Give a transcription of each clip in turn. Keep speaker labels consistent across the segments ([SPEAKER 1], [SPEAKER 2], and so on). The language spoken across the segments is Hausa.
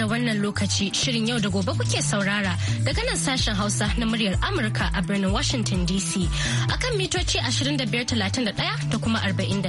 [SPEAKER 1] da wannan lokaci shirin yau da gobe kuke saurara daga nan sashen Hausa na muryar Amurka a birnin Washington DC akan mitoci 2531 da kuma 41.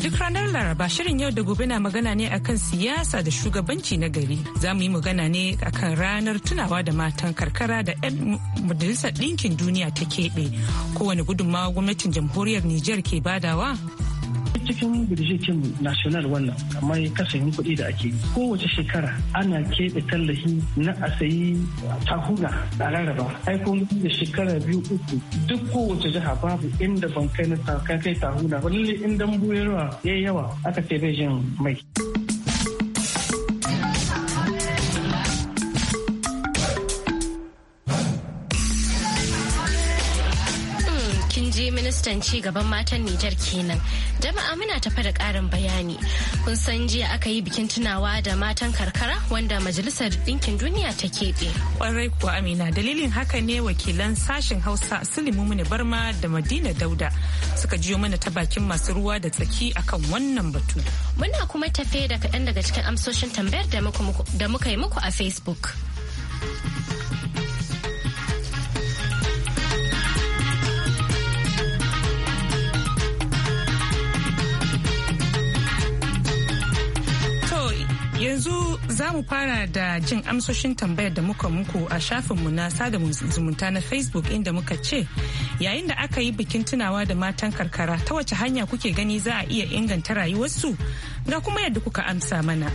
[SPEAKER 2] duk ranar Laraba shirin yau da gobe na magana ne akan siyasa da shugabanci na gari. Za mu yi magana ne akan ranar tunawa da matan karkara da 'yan majalisar ɗinkin duniya ta keɓe. Kowane gudunmawa gwamnatin jamhuriyar Nijar ke badawa
[SPEAKER 3] cikin birjikin national wannan amma ya yin kuɗi da ake yi kowace shekara ana keɓe tallafi na a sayi tahuna a rarraba aikon da shekara biyu uku duk kowace jiha babu inda ban kai na kai tahuna ba lalle in dambu yawa aka ce bai jin mai.
[SPEAKER 1] ministan ci gaban matan Nijar kenan. Jama'a muna tafa da ƙarin bayani. Kun san jiya aka yi bikin tunawa da matan karkara wanda Majalisar Ɗinkin Duniya ta keɓe.
[SPEAKER 2] Kwarai kuwa Amina dalilin haka ne wakilan sashen Hausa Sulimu Muni Barma da Madina Dauda suka jiyo mana ta bakin masu ruwa da tsaki akan wannan batu.
[SPEAKER 1] Muna kuma tafe da kaɗan daga cikin amsoshin tambayar da muka yi muku a Facebook.
[SPEAKER 2] Yanzu za mu fara da jin amsoshin tambayar da muka muku a shafinmu na sada zumunta na Facebook inda muka ce, yayin da aka yi bikin tunawa da matan karkara ta wace hanya kuke gani za a iya inganta rayuwarsu ga kuma yadda kuka amsa mana.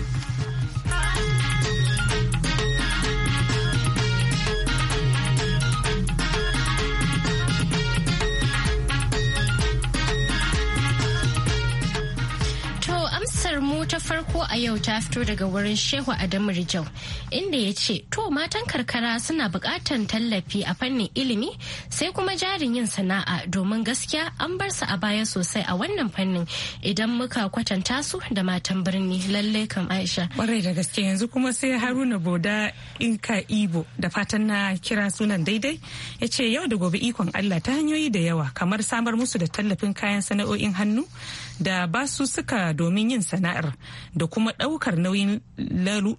[SPEAKER 1] mu ta farko a yau ta fito daga wurin Shehu Adamu Rijau inda ya ce to matan karkara suna bukatan tallafi a fannin ilimi sai kuma jarin yin sana'a domin gaskiya an bar su a baya sosai a wannan fannin idan muka kwatanta su da matan birni lalle kam
[SPEAKER 2] Aisha. Kwarai da gaske yanzu kuma sai Haruna Boda Inka Ibo da fatan na kira sunan daidai ya ce yau da gobe ikon Allah ta hanyoyi da yawa kamar samar musu da tallafin kayan sana'o'in hannu da ba su suka domin yin sana'ar da kuma ɗaukar nauyin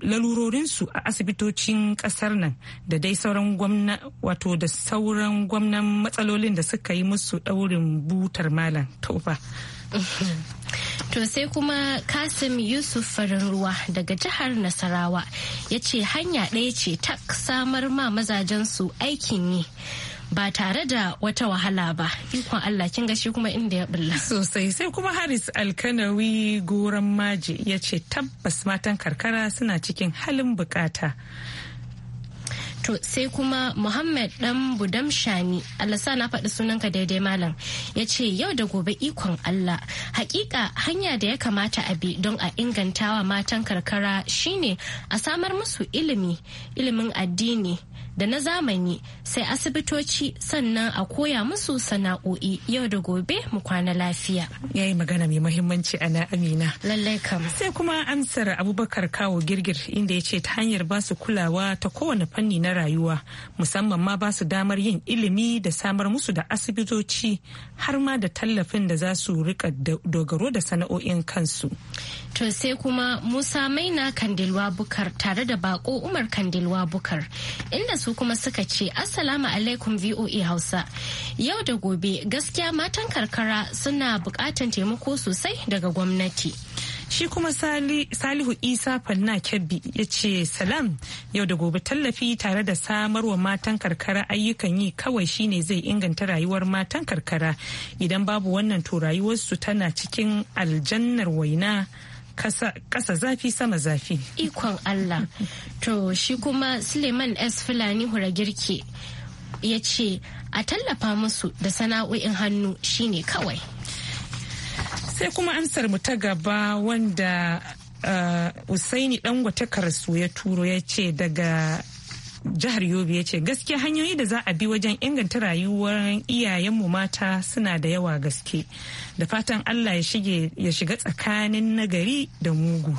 [SPEAKER 2] lalurorinsu a asibitocin ƙasar nan da dai sauran gwamna da sauran gwamnan matsalolin da suka yi musu ɗaurin butar malam taufa
[SPEAKER 1] To sai kuma Kasim Yusuf farin ruwa daga jihar Nasarawa ya ce hanya ɗaya ce ta samar ma mazajensu aikin yi. ba tare da wata wahala ba ikon Allah kin gashi kuma inda ya
[SPEAKER 2] bulla sosai sai kuma Haris Alkanawi goran maji ya ce tabbas matan karkara suna cikin halin bukata
[SPEAKER 1] to sai kuma Muhammad dan Budam Shani Allah sa na faɗi sunanka daidai malam ya ce yau da gobe ikon Allah hakika hanya da ya kamata a bi don a ingantawa matan karkara shine a samar musu ilimi ilimin addini da na zamani sai asibitoci sannan a koya musu sana'o'i yau da gobe mu kwana
[SPEAKER 2] lafiya. Ya yi magana mai mahimmanci ana Amina. Lallai kam. Sai kuma amsar Abubakar Kawo Girgir inda ya ce ta hanyar basu kulawa ta kowane fanni na rayuwa musamman ma basu damar yin ilimi da samar musu da asibitoci har ma da tallafin da za su rika dogaro da sana'o'in kansu.
[SPEAKER 1] To sai kuma Musa Maina Kandilwa Bukar tare da bako Umar Kandilwa Bukar inda su kuma suka ce Assalamu alaikum VOA Hausa. Yau da gobe gaskiya matan karkara suna bukatan taimako sosai daga gwamnati.
[SPEAKER 2] Shi kuma Salihu Isa Fanna Kebbi ya ce salam yau da gobe tallafi tare da samarwa matan karkara ayyukan yi kawai shine zai inganta rayuwar matan karkara idan babu wannan to rayuwarsu tana cikin aljannar waina kasa zafi sama zafi.
[SPEAKER 1] Ikon Allah. To shi kuma Suleiman S. Fulani Huragirki ya ce a tallafa musu da sana'o'in hannu shine kawai.
[SPEAKER 2] Sai kuma amsar mu ta gaba wanda uh, Usaini ɗan karasu ya turo ya ce daga jihar yobe ya ce gaskiya hanyoyi da za a bi wajen inganta rayuwar iyayenmu mata suna da yawa gaske da fatan allah ya shiga tsakanin nagari da mugu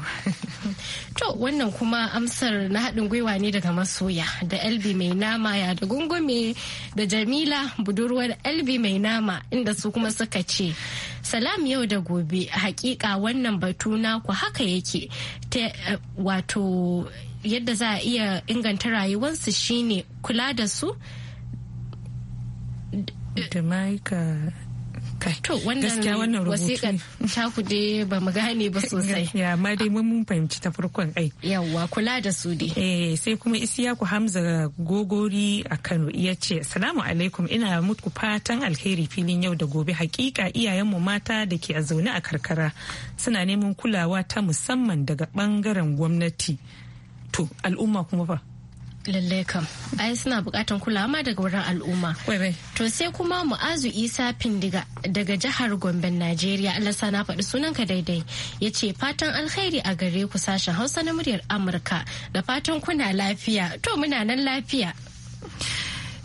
[SPEAKER 1] to wannan kuma amsar na haɗin gwiwa ne daga masoya da elbi mai nama ya da gungume da jamila budurwar elbi mai nama inda su kuma suka ce salam yau da gobe hakika wannan batu naku haka yake wato yadda za a iya inganta rayuwarsu shine kula da su
[SPEAKER 2] da ma'aika
[SPEAKER 1] to wannan wasiƙar ku dai ba mu gane ba sosai
[SPEAKER 2] ya ma dai mun fahimci ta farkon ai yawwa kula da su dai eh sai kuma ku hamza gogori a kano ya ce salamu alaikum ina muku fatan alheri filin yau da gobe hakika mu mata da ke a zaune a karkara suna neman kulawa ta musamman daga bangaren gwamnati to al'umma kuma ba
[SPEAKER 1] lallai kam ai suna bukatan kulawa ma daga wurin al'umma to sai kuma mu'azu isa findiga daga jihar gombe najeriya allah na faɗi sunanka daidai ya ce fatan alkhairi a gare ku sashen hausa na muryar amurka da fatan kuna lafiya to muna nan lafiya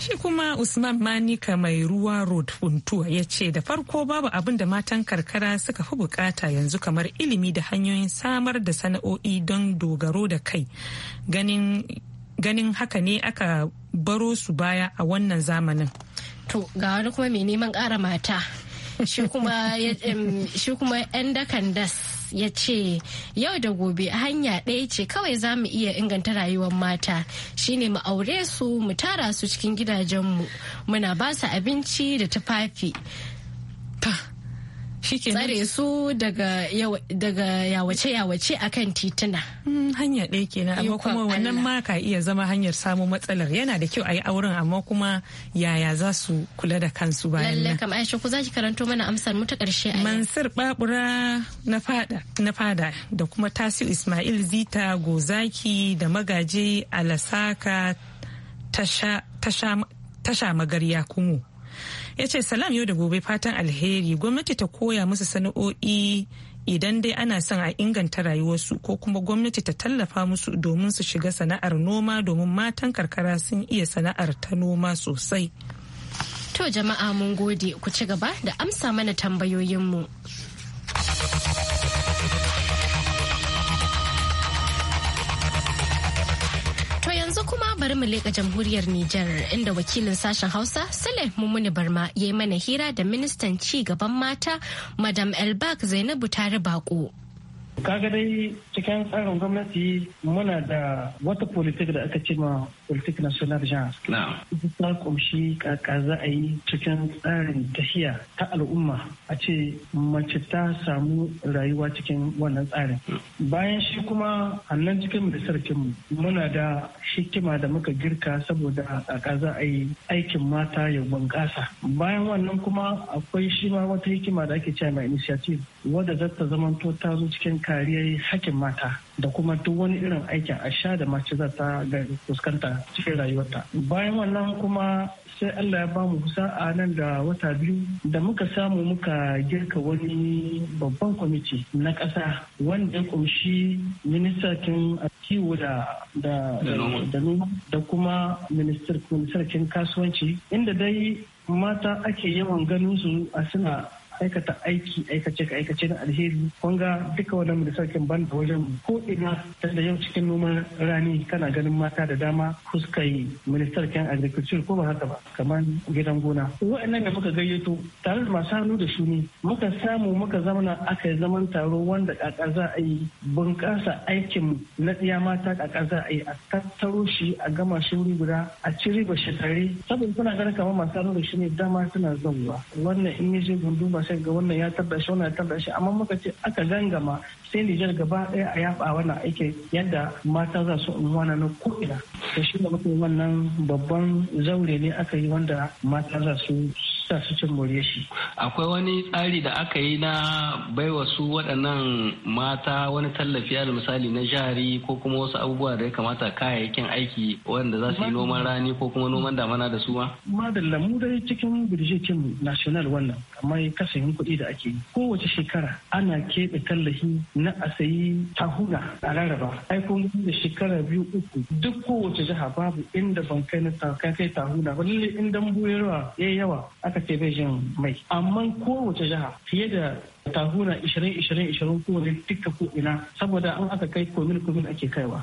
[SPEAKER 2] Shi kuma Usman Manika mai ruwa road funtuwa ya ce da farko babu abin da matan karkara suka fi bukata yanzu kamar ilimi da hanyoyin samar da sana'o'i don dogaro da kai. Ganin ganin haka ne aka baro su baya a wannan zamanin.
[SPEAKER 1] To ga wani kuma mai neman kara mata. Shi kuma 'yan dakan das. ya ce yau da gobe hanya ɗaya ce kawai za mu iya inganta rayuwar mata shine mu aure su mu tara su cikin gidajen mu muna ba su abinci da tufafi. tsare su daga yawace yawace a kan tituna
[SPEAKER 2] hmm, hanya ɗaya kenan amma kuma wannan ma ka iya zama hanyar samun matsalar yana da kyau a yi auren amma kuma yaya za su kula da kansu bayan nan lalle kam aisha ku zaki karanto mana amsar mu ta karshe a mansur babura na fada da kuma tasiu ismail zita gozaki da magaji alasaka tasha tasha tasha magarya kumo. ya ce salam yau da gobe fatan alheri gwamnati ta koya musu sana'o'i idan dai ana son a inganta rayuwarsu ko kuma gwamnati ta tallafa musu domin su shiga sana'ar noma domin matan karkara sun iya sana'ar ta noma sosai.
[SPEAKER 1] To jama'a mun gode ku ci gaba da amsa mana tambayoyinmu. kuma bari mu leƙa jamhuriyar Nijar inda wakilin sashen Hausa Sule Mumuni Barma ya yi mana hira da ministan ci gaban mata Madam Elbak Zainabu Tare Bako.
[SPEAKER 3] Kaga dai cikin tsarin gwamnati muna da wata politik da aka ce ma politik na solar jihar. ta kumshi kaka za a yi cikin tsarin tafiya ta al'umma a ce mace ta samu rayuwa cikin wannan tsarin. Hmm. Bayan shi kuma nan cikin mu muna da hikima da muka girka saboda kaka za a yi aikin mata ya bunƙasa. Bayan wannan kuma akwai shi ma wata hikima da ake cewa mai initiative wadda zata zamanto ta zo cikin kariyar hakkin mata. da kuma duk wani irin aikin asha da mace za ta ga fuskanta cikin rayuwarta bayan wannan kuma sai Allah ya bamu kusa a nan da wata biyu da muka samu muka girka wani babban kwamiti na ƙasa wanda ya kunshi ministakin kiwo da da da kuma ministarkin kasuwanci inda dai mata ake yawan ganin su a suna aikata aiki aikace aikace na alheri kun ga duka wannan da sarkin ban da wajen ko ina tunda yau cikin noman rani kana ganin mata da dama fuskai ministar kan agriculture ko ba haka ba kamar gidan gona wa'annan da muka gayyato tare da masu hannu da shuni muka samu muka zamana aka yi zaman taro wanda kakar za a yi bunƙasa aikin na tsiya mata kakar za a yi a tattaro shi a gama shi guda a cire ba shi tare saboda kuna ganin kamar masu hannu da shuni dama suna zauwa wannan in yi je gundu ba aka ga wannan ya tabbashi wannan ya tabbashi amma muka ce aka gangama sai Nijar gaba ɗaya a yaba wannan aikin yadda mata za su unwana na ko'ina da shi da wannan babban zaure ne aka yi wanda mata za su sa su cin more shi akwai wani tsari da aka yi na baiwa su waɗannan mata wani tallafi al misali na jari ko kuma wasu abubuwa da ya kamata kayayyakin aiki wanda za su yi noman rani ko kuma noman damana da su ma madalla mu dai cikin birjikin national wannan kamar kasayin kuɗi da ake yi kowace shekara ana keɓe tallafi na a sayi tahuna a rarraba aikon da shekara biyu uku duk kowace jiha babu inda ban kai na kai tahuna ba lallai in dambu yawa yawa aka ce bai jin mai amma kowace jiha fiye da tahuna 20-20-20 kowane duka ko ina saboda an aka kai komin komin ake kaiwa.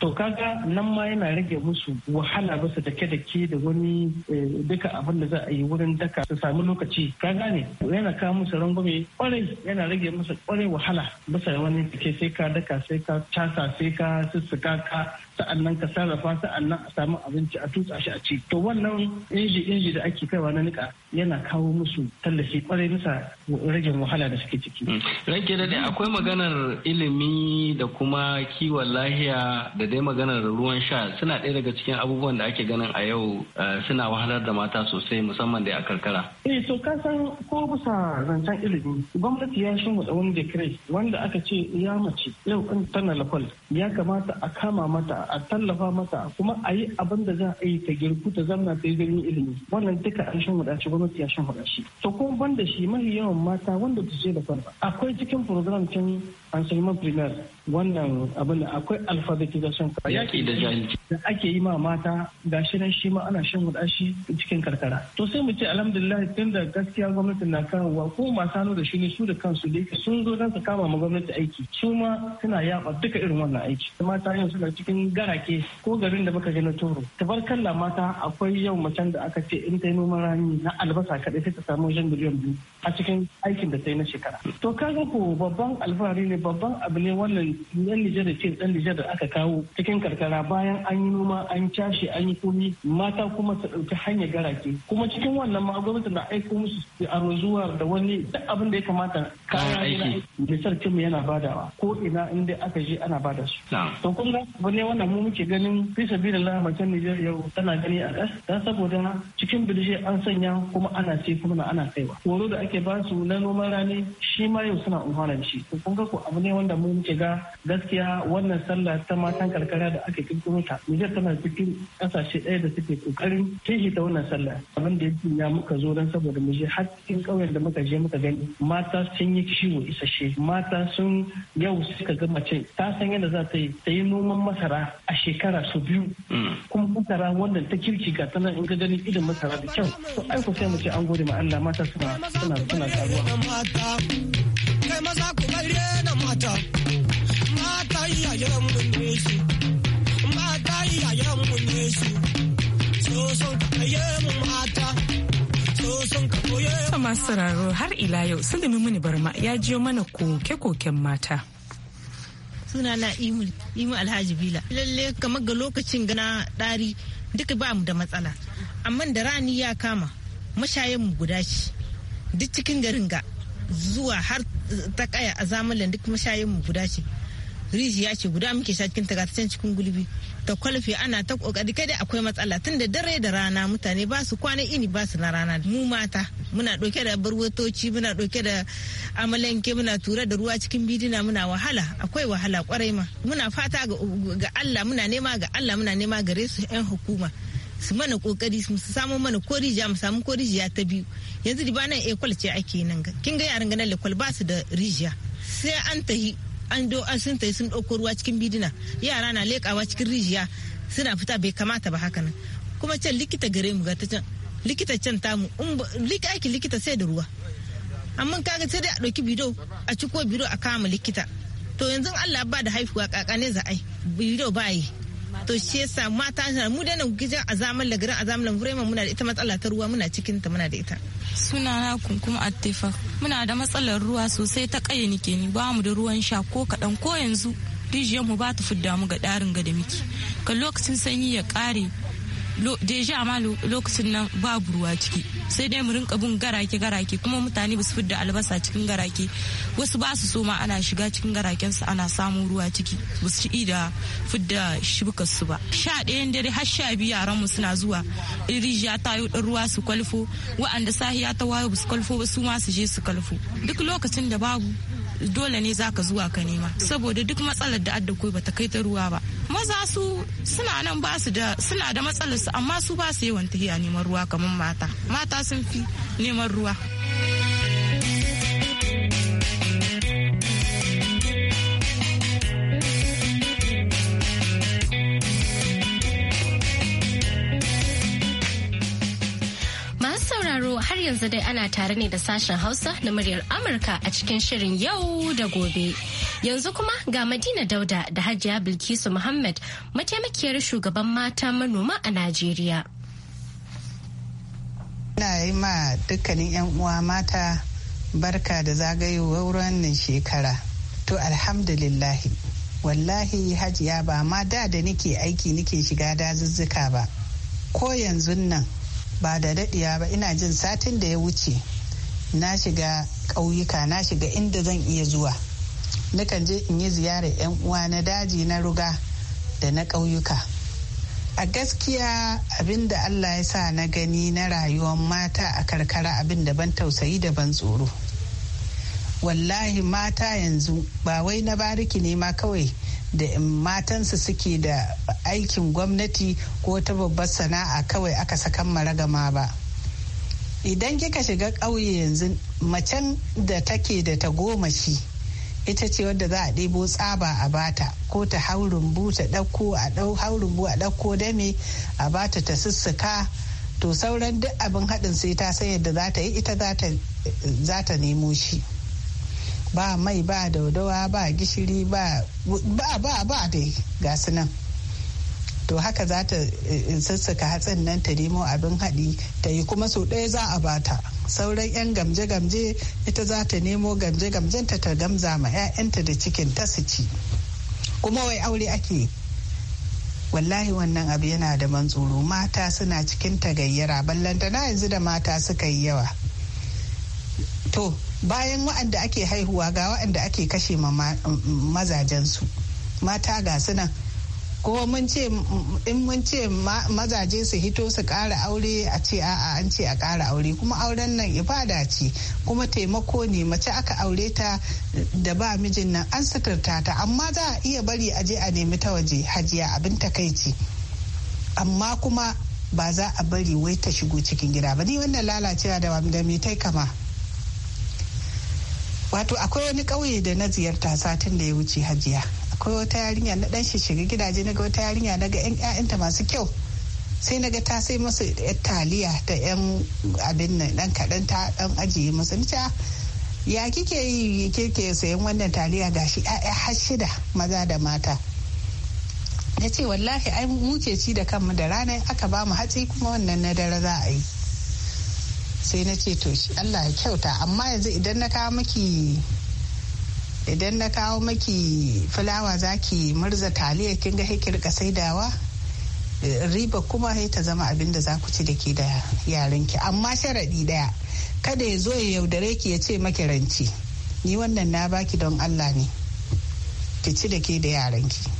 [SPEAKER 3] To kaga nan ma yana rage musu wahala ba su dake ke da wani eh, duka abin da za a yi wurin daka su sami lokaci ka gane yana kawo musu rangwame kwarai yana rage musu kwarai wahala ba da wani dake sai ka daka sai ka casa sai ka sussuka ka sa'annan ka sarrafa sa'annan a samu abinci a tutsa shi a ci to wannan inji inji da ake kaiwa na nika yana kawo musu tallafi kwarai bisa rage wahala wahala da suke ciki. Mm. Ranke da akwai maganar ilimi da kuma kiwon lahiya da dai maganar ruwan sha suna ɗaya daga cikin abubuwan da ake ganin a yau eh, suna wahalar da mata sosai musamman da a karkara. Eh to ka san ko bisa zancen ilimi gwamnati ya shi wani decree wanda aka ce ya mace yau in tana lafal ya kamata a kama mata a tallafa mata kuma a yi abin da za a yi ta girku ta zamna ta yi ilimi wannan duka an shi gwamnati ya shi To ban da shi mahi yawan mata wanda su ce da farfa akwai cikin program cin enseignement primaire wannan abin da akwai alphabetization yaki da jahilci da ake yi ma mata ga shi nan shi ma ana shan wadashi cikin karkara to sai mu ce alhamdulillah tun da gaskiya gwamnati na kawowa ko masu hannu da shi ne su da kansu da sun zo don su kama ma gwamnati aiki su ma suna yaba duka irin wannan aiki mata yau suna cikin garake ko garin da baka gani toro tabarkalla mata akwai yau macen da aka ce in ta yi noman rani na albasa kaɗai sai ta samu wajen miliyan biyu a cikin aikin da ta yi na wannan shekara to ga ku babban alfahari ne babban abu ne wannan yan Nijar da ce dan Nijar da aka kawo cikin karkara bayan an yi noma an cashe an yi komi mata kuma su ɗauki hanyar garake kuma cikin wannan ma gwamnati na aiko musu aro zuwa da wani duk abin da ya kamata kaya aiki misal mu yana badawa ko ina inda aka je ana bada su to kun ga abu ne wannan mu muke ganin fi sabilillah macen Nijar yau tana gani a ƙas dan saboda cikin bilishe an sanya kuma ana ce kuma ana kaiwa horo da ake ba su na noman rani mutane shi ma yau suna unhwana da shi to kun ga ko abu ne wanda mu muke ga gaskiya wannan sallah ta matan karkara da aka kirkiro ta Nijar tana cikin kasashe ɗaya da suke kokarin kishi ta wannan sallah abin da ya muka zo dan saboda mu je har cikin ƙauyen da muka je muka gani mata sun yi ciwo isasshe mata sun yau suka ga mace ta san yadda za ta yi ta yi noman masara a shekara su biyu hmm. kuma masara wanda ta kirki ga tana in ka gani idan masara da kyau to ai ku sai mu ce an gode ma Allah mata suna suna suna karuwa kai maza ku bai rena mata mata iyayen mu ne su mata iyayen mu ne su so son ka
[SPEAKER 4] kaye mu mata
[SPEAKER 2] ka masu sauraro har ila yau sulumi mini barma ya jiyo mana koke-koken mata.
[SPEAKER 4] suna na imu alhaji bila lalle kamar ga lokacin gana dari duka ba mu da matsala amma da rani ya kama mashayan mu guda shi duk cikin garin ga zuwa har ta kaya a zamanin duk mashayin mu guda ce rijiya ce guda muke sha cikin takatacen cikin gulbi ta kwalfe ana ta kokari kai akwai matsala tun da dare da rana mutane ba su kwana ini ba su na rana mu mata muna dauke da barwatoci muna dauke da amalanke muna tura da ruwa cikin bidina muna wahala akwai wahala kwarai ma muna fata ga Allah muna nema ga Allah muna nema gare su yan hukuma su mana kokari su samu mana korijiya mu samu korijiya ta biyu yanzu riba nan ekwal ce ake nan ga kin ga yaran ganin lekwal ba su da rijiya sai an tahi an do an sun tahi sun dauko ruwa cikin bidina yara na lekawa cikin rijiya suna fita bai kamata ba haka nan kuma can likita gare mu ga ta can likita can ta in likita aiki likita sai da ruwa amma kaga sai dai a dauki bido a ciko bido a kama likita to yanzu Allah ba da haifuwa kaka ne za bido ba yi to shi yasa mata mu da nan gidan azaman da garin azaman vraiment muna da ita matsala ta ruwa muna cikin ta muna da ita suna na kuma attefa muna da matsalar ruwa sosai ta kai nike ni ba mu da ruwan sha ko kadan ko yanzu rijiyar mu ba ta fidda mu ga darin ga da miki ga lokacin sanyi ya kare deja ma lokacin nan babu ruwa ciki sai dai mu rinka bin garake garake kuma mutane ba su fidda albasa cikin garake wasu ba su so ma ana shiga cikin garaken su ana samun ruwa ciki ba su ci da fidda shibukar su ba sha ɗayan dare har sha biyu yaran mu suna zuwa rijiya ta yi ɗan ruwa su kwalfo wa'anda sahiya ta wayo ba su kwalfo ba su ma su je su kwalfo duk lokacin da babu dole ne zaka zuwa ka nema saboda duk matsalar da adda ba bata kai ta ruwa ba maza su suna nan ba su da suna da matsalar su amma su ba su wanta tahiya neman ruwa kamar mata mata sun fi neman ruwa
[SPEAKER 1] har yanzu dai ana tare ne da sashen Hausa na muryar Amurka a cikin shirin yau da gobe. Yanzu kuma ga Madina Dauda da Hajiya Bilkisu Muhammad mataimakiyar shugaban mata manoma a Najeriya.
[SPEAKER 5] Ina yi ma dukkanin 'yan uwa mata barka da zagayowar wannan shekara. To alhamdulillahi. Wallahi hajiya ba ma da da nike aiki nike shiga dazuzzuka ba. Ko yanzu nan ba da daɗiya ba ina jin satin da ya wuce. Na shiga ƙauyuka na shiga inda zan iya zuwa. nakan je in yi ziyarar 'yan uwa na daji na ruga da na ƙauyuka a gaskiya abin da allah ya sa na gani na rayuwar mata a karkara abin da ban tausayi da ban tsoro wallahi mata yanzu ba wai na bariki ne ma kawai da matansu suke da aikin gwamnati ko ta babbar sana'a kawai aka sakan maragama ba idan kika shiga ƙauye yanzu macen da take da ta goma shi. ita ce wadda za a ɗebo tsaba a bata ko ta haurin ta ɗauko a ɗau bu a ɗauko dame a bata ta sussuka to sauran duk abin haɗin sai ta san yadda za ta yi ita za ta nemo shi ba mai ba daudawa ba gishiri ba ba ba dai ga su nan to haka za ta eh, eh, sassaka hatsin nan ta nemo abin haɗi ta yi kuma sau ɗaya za a bata sauran 'yan gamje-gamje ita za ta nemo gamje-gamjen ta ta gamza ma 'ya'yanta da cikin ta su ci kuma wai aure ake wallahi wannan abu yana da mantsuru. mata suna cikin tagayyara ballanta na yanzu da mata suka yi yawa to bayan waɗanda ake haihuwa ga waɗanda ake kashe mm, mm, mazajensu mata ga sunan ko mun ce in mun ce mazaje su hito su kara aure a ce a'a an ce a kara aure kuma auren nan ibada ce kuma taimako ne mace aka aure ta da ba mijin nan an suturta ta amma za a iya bari a je a nemi ta waje hajiya abin takaici amma kuma ba za a bari wai ta shigo cikin gida ba ni wannan lalacewa da da me tai kama wato akwai wani ƙauye da na ziyarta satin da ya wuce hajiya akwai wata yarinya na dan shi shiga gidaje na ga wata yarinya na ga 'yan 'ya'yanta masu kyau sai na ga ta sai masu taliya ta 'yan abin nan dan kaɗan ta dan ajiye masu nica ah, ya kike yi kike sayan wannan taliya gashi 'ya'ya har shida maza da mata na ce wallahi ai muke ci da kanmu da rana aka ba mu hatsi kuma wannan na dare za a yi sai na ce to shi Allah ya kyauta amma yanzu idan na kawo miki idan na kawo maki fulawa za ki murza taliya kin ga ki rika dawa riba kuma sai ta zama abin da za ku ci da ke da yaranki amma sharaɗi ɗaya kada ya zo ya yaudare ki ya ce maki ranci ni wannan na baki don allah ne ki ci da ke da yaranki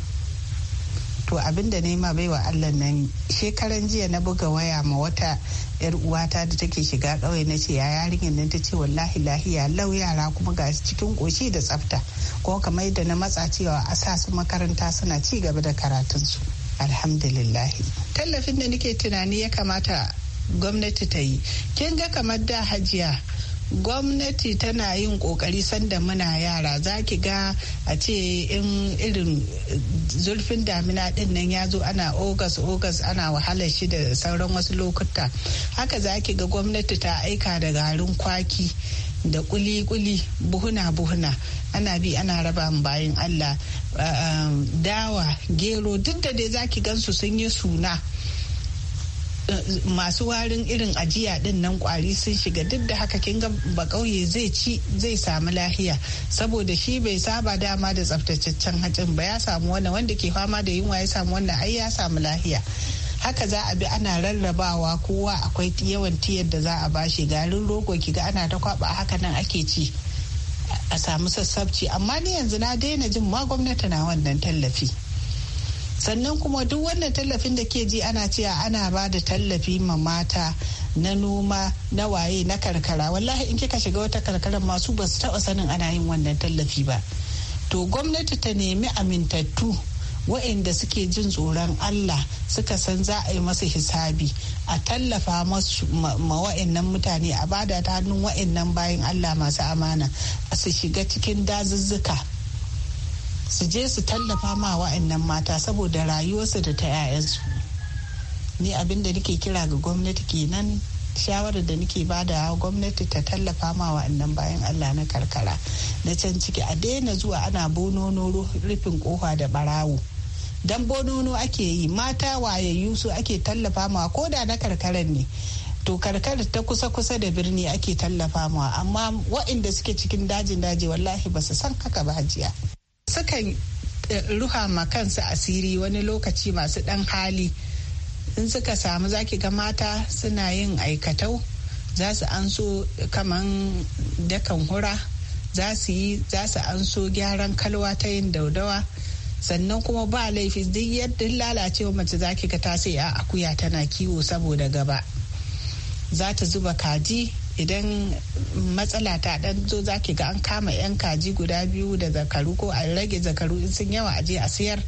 [SPEAKER 5] to abin da nema wa allah nan shekaran jiya na buga waya ma wata yar uwata da take shiga kawai na ce ya yarinyar nan ta ce wallahi lahiya lau yara kuma ga cikin koshi da tsafta ko kamar yadda na matsa cewa a sa su makaranta suna ci gaba da karatunsu alhamdulillah tallafin da nake tunani ya kamata gwamnati ta yi kin ga kamar da hajiya gwamnati tana yin kokari sanda muna yara za ki ga a ce in irin zurfin damina din nan ya zo ana ogas ogas ana wahalar shi da sauran wasu lokuta haka za ki ga gwamnati ta aika da garin kwaki da kuli-kuli buhuna-buhuna ana bi ana raba bayan allah dawa gero duk da dai za ki gansu sun yi suna masu warin irin ajiya din nan kwari sun shiga duk da haka kin ga ba kauye zai ci zai samu lahiya saboda shi bai saba dama da tsaftataccen hatsin ba ya samu wannan wanda ke fama da yunwa ya samu wannan ai ya samu lahiya haka za a bi ana rarrabawa kowa akwai yawan tiyar da za a bashi garin rogo ki ga ana ta kwaba haka nan ake ci a samu sassabci amma ni yanzu na daina jin ma gwamnati na wannan tallafi sannan kuma duk wannan tallafin da ke ji ana cewa ana ba da tallafi ma mata na noma na waye na karkara wallahi in kika shiga wata karkara masu ba su taba sanin ana yin wannan tallafi ba to gwamnati ta nemi amintattu waɗanda suke jin tsoron Allah suka san za a yi masu hisabi a tallafa masu ma mutane a bada ta hannun waɗannan bayan Allah masu amana su shiga cikin dazuzzuka su je su tallafa ma wa'annan mata saboda rayuwarsu da ta 'ya'yansu ne abin da nake kira ga gwamnati kenan shawarar da nake bada gwamnati ta tallafa ma wa'annan bayan allah na karkara na can ciki a daina zuwa ana bonono rufin kofa da barawo dan bonono ake yi mata wayayyu su ake tallafa ma ko da na karkaran ne to karkar ta kusa-kusa da birni ake tallafa ma amma wa'inda suke cikin dajin daji wallahi ba su san haka ba jiya. sukan eh, ruha ma kansu asiri wani lokaci masu dan hali in suka samu zaki ga mata suna yin aikatau za su an so kaman dakan hura za su yi za su an so gyaran kalwa ta yin daudawa sannan kuma ba laifi duk yadda lalacewa mace zaki ga ta sai a akuya tana kiwo saboda gaba za ta zuba kaji idan matsala ta dan zo zaki ga an kama yan kaji guda biyu da zakaru ko a rage zakaru in sun yawa aje a sayar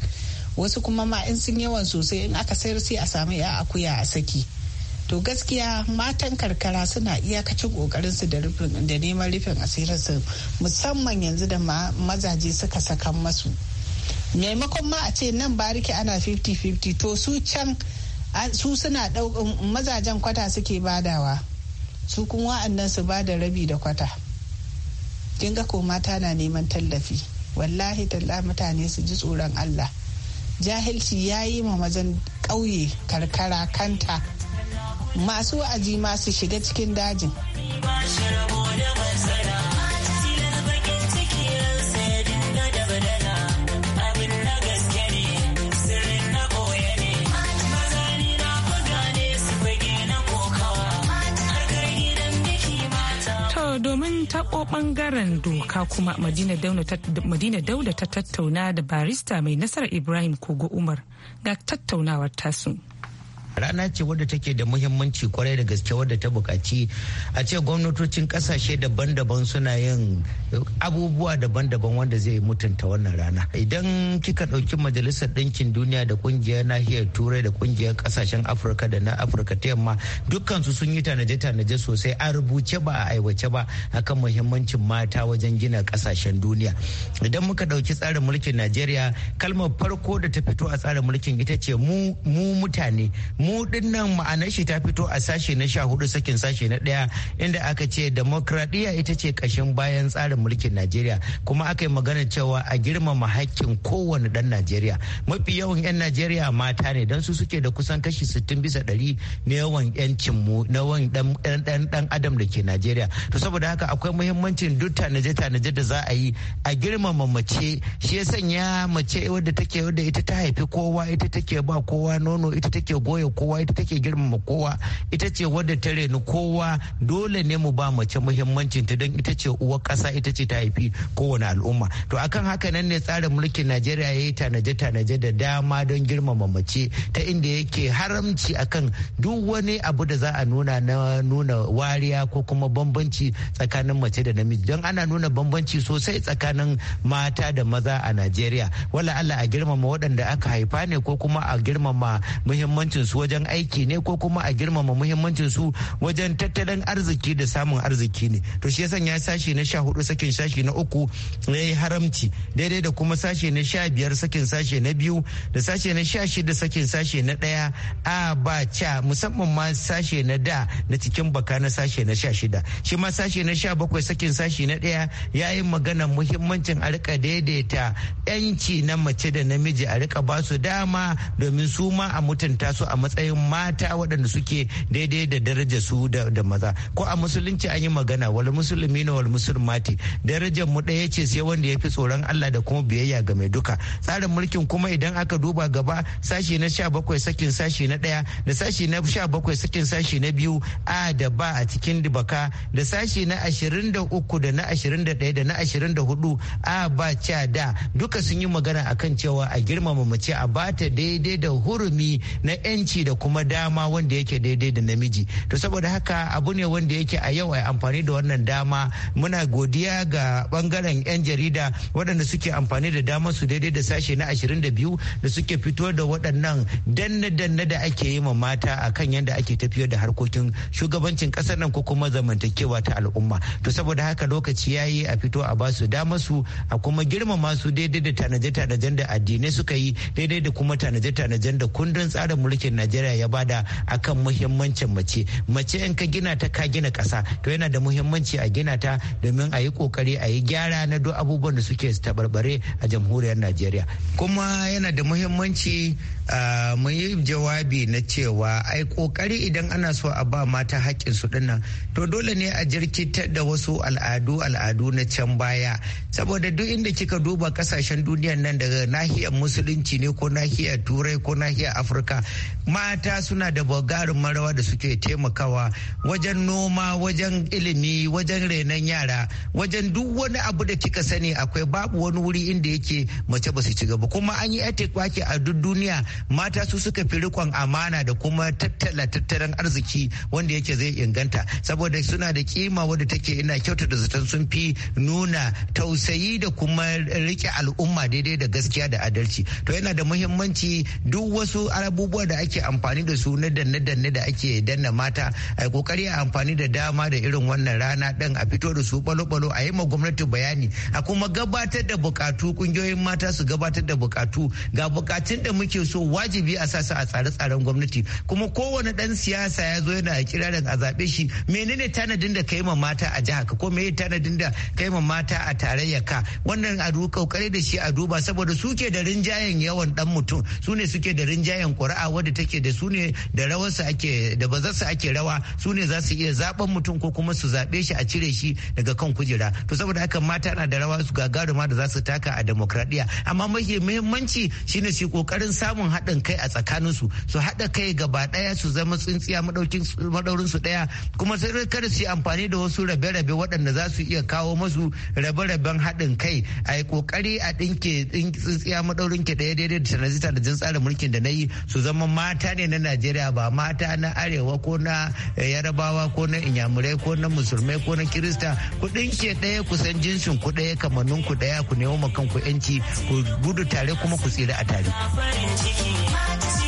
[SPEAKER 5] wasu kuma ma in sun yawan sosai in aka sayar sai a samu ya akuya a saki to gaskiya matan karkara suna iyakacin kokarin su da da neman rufin asirin su musamman yanzu da mazaje suka sakan masu maimakon ma a ce nan bariki ana 50-50 to su can su suna um, mazajen kwata suke badawa su kun wa'annan su ba da rabi da kwata kin ga ko mata na neman tallafi wallahi talla mutane su ji tsoron allah jahilci ya yi ma mazan ƙauye karkara kanta masu wa'azi ma su shiga cikin dajin
[SPEAKER 2] taɓo ɓangaren doka kuma madina dauda ta tattauna da barista mai nasarar ibrahim kogo
[SPEAKER 6] umar ga tattaunawar tasu. rana ce wadda take da muhimmanci kwarai da gaske wadda ta bukaci a ce gwamnatocin kasashe daban-daban suna yin abubuwa daban-daban wanda zai mutunta wannan rana idan kika ɗauki majalisar ɗinkin duniya da kungiyar nahiyar turai da kungiyar kasashen afirka da na afirka ta yamma dukkansu sun yi tanaje-tanaje sosai a rubuce ba a aiwace ba akan muhimmancin mata wajen gina kasashen duniya idan muka ɗauki tsarin mulkin najeriya kalmar farko da ta fito a tsarin mulkin ita ce mu mutane mu dinnan ma'anar shi ta fito a sashe na sha hudu sakin sashe na daya inda aka ce demokradiyya ita ce kashin bayan tsarin mulkin najeriya kuma aka yi magana cewa a girmama hakkin kowane dan najeriya mafi yawan 'yan najeriya mata ne don su suke da kusan kashi 60 bisa ɗari na yawan 'yancin mu na yawan dan adam da ke najeriya to saboda haka akwai muhimmancin duk tanaje tanaje da za a yi a girmama mace shi ya sanya mace wadda take wadda ita ta haifi kowa ita take ba kowa nono ita take goya kowa ita take girmama kowa ita ce wadda ta reni kowa dole ne mu ba mace muhimmancin ta don ita ce uwar ƙasa ita ce ta haifi kowane al'umma to akan haka nan ne tsarin mulkin najeriya ya yi tanaje tanaje da dama don girmama mace ta inda yake haramci akan duk wani abu da za a nuna na nuna wariya ko kuma bambanci tsakanin mace da namiji don ana nuna bambanci sosai tsakanin mata da maza a najeriya wala Allah a girmama waɗanda aka haifa ne ko kuma a girmama muhimmancin su wajen aiki ne ko kuma a girmama muhimmancin su wajen tattalin arziki da samun arziki ne to shi yasa ya sashi na sha hudu sakin sashi na uku ya yi haramci daidai da kuma sashe na sha biyar sakin sashe na biyu da sashe na sha shida sakin sashe na daya a ba ca musamman ma sashe na da na cikin baka na sashe na sha shida shi ma sashe na sha bakwai sakin sashe na daya ya yi magana muhimmancin a rika daidaita yanci na mace da namiji a rika ba su dama domin su ma a mutunta su a matsayin mata waɗanda suke daidai da daraja su da maza ko a musulunci an yi magana wal musulmi na wal musulmati darajar mu ɗaya ce sai wanda ya fi tsoron Allah da kuma biyayya ga mai duka tsarin mulkin kuma idan aka duba gaba sashi na sha bakwai sakin sashi na ɗaya da sashi na sha bakwai sakin sashi na biyu a da ba a cikin dibaka da sashi na ashirin da uku da na ashirin da ɗaya da na ashirin da hudu a ba ca da duka sun yi magana akan cewa a girmama mace a ba ta daidai da hurumi na 'yanci mutunci da kuma dama wanda yake daidai da namiji to saboda haka abu ne wanda yake a yau a amfani da wannan dama muna godiya ga bangaren 'yan jarida waɗanda suke amfani da damar su daidai da sashe na 22 da suke fito da waɗannan danna danna da ake yi ma mata a kan yadda ake tafiyar da harkokin shugabancin ƙasar nan ko kuma zamantakewa ta al'umma to saboda haka lokaci yayi a fito a basu dama su a kuma girmama su daidai da tanaje-tanajen da addinai suka yi daidai da kuma tanaje-tanajen da kundin tsarin mulkin najeriya ya bada akan muhimmancin mace mace in ka gina ta ka gina ƙasa to yana da muhimmanci a gina ta domin a yi ƙoƙari a yi gyara na duk abubuwan da suke tabarbare a jamhuriyar najeriya kuma yana da muhimmanci Ah, mun yi jawabi na cewa ai kokari idan ana so a ba mata haƙƙin su dinnan to dole ne a jirkitar da wasu al'adu al'adu na can baya saboda duk inda kika duba kasashen duniya nan daga nahiyar musulunci ne ko nahiyar turai ko nahiyar afirka mata suna da bagarin marawa da suke taimakawa wajen noma wajen ilimi wajen renon yara wajen duk wani abu da kika sani akwai babu wani wuri inda yake mace ba su ci gaba kuma an yi etikwaki a duk duniya mata su suka fi rikon amana da kuma tattala tattalin arziki wanda yake zai inganta saboda suna da kima wadda take ina kyauta da zaton sun fi nuna tausayi da kuma rike al'umma daidai da gaskiya da adalci to yana da muhimmanci duk wasu abubuwa da ake amfani da su na danne danne da ake danna mata a kokari a amfani da dama da irin wannan rana Dan a fito da su balo balo a yi ma gwamnati bayani a kuma gabatar da bukatu kungiyoyin mata su gabatar da bukatu ga bukatun da muke so wajibi a sa a tsare-tsaren gwamnati kuma kowane dan siyasa ya zo yana kirarin a zaɓe shi menene tanadin da kai ma mata a jiha ka ko meye tanadin da kai ma mata a tarayya ka wannan a kokari da shi a duba saboda suke da rinjayen yawan dan mutum su ne suke da rinjayen ƙuri'a wadda take da su ne da rawarsu ake da ake rawa su ne za su iya zaben mutum ko kuma su zaɓe shi a cire shi daga kan kujera to saboda haka mata na da rawa su gagaruma da za su taka a demokradiyya amma mahimmanci shine su kokarin samun haɗin kai a tsakanin su su haɗa kai gaba ɗaya su zama tsintsiya su ɗaya kuma sai kada su yi amfani da wasu rabe-rabe waɗanda za su iya kawo masu rabe-raben haɗin kai a yi ƙoƙari a ɗinke tsintsiya madaurin ke ɗaya daidai da da jin tsarin mulkin da na yi su zama mata ne na najeriya ba mata na arewa ko na yarabawa ko na inyamurai ko na musulmai ko na kirista ku ɗinke ɗaya ku san jinsin ku ɗaya kamannin ku ɗaya ku nemo kanku yanci ku gudu tare kuma ku tsira a tare. ciki.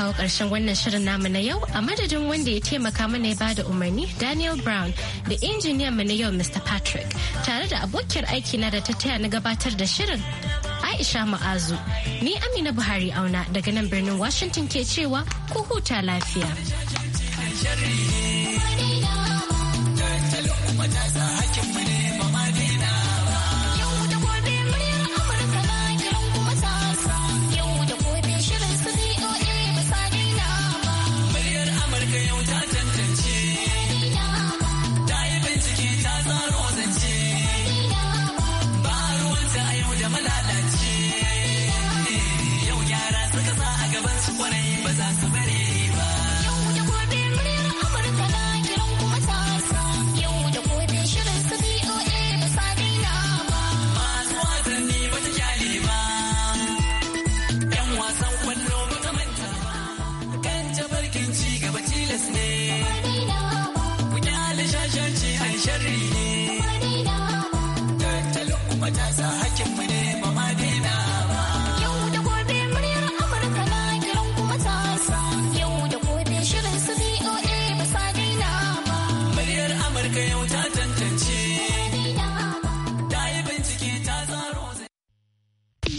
[SPEAKER 1] kawo ƙarshen wannan shirin namu na yau a madadin wanda ya taimaka mana ya bada umarni Daniel Brown da injiniyan mu na yau Mr. Patrick tare da abokiyar aiki na da ta taya na gabatar da shirin Aisha Ma'azu. Ni Amina Buhari auna daga nan birnin Washington ke cewa ku huta lafiya.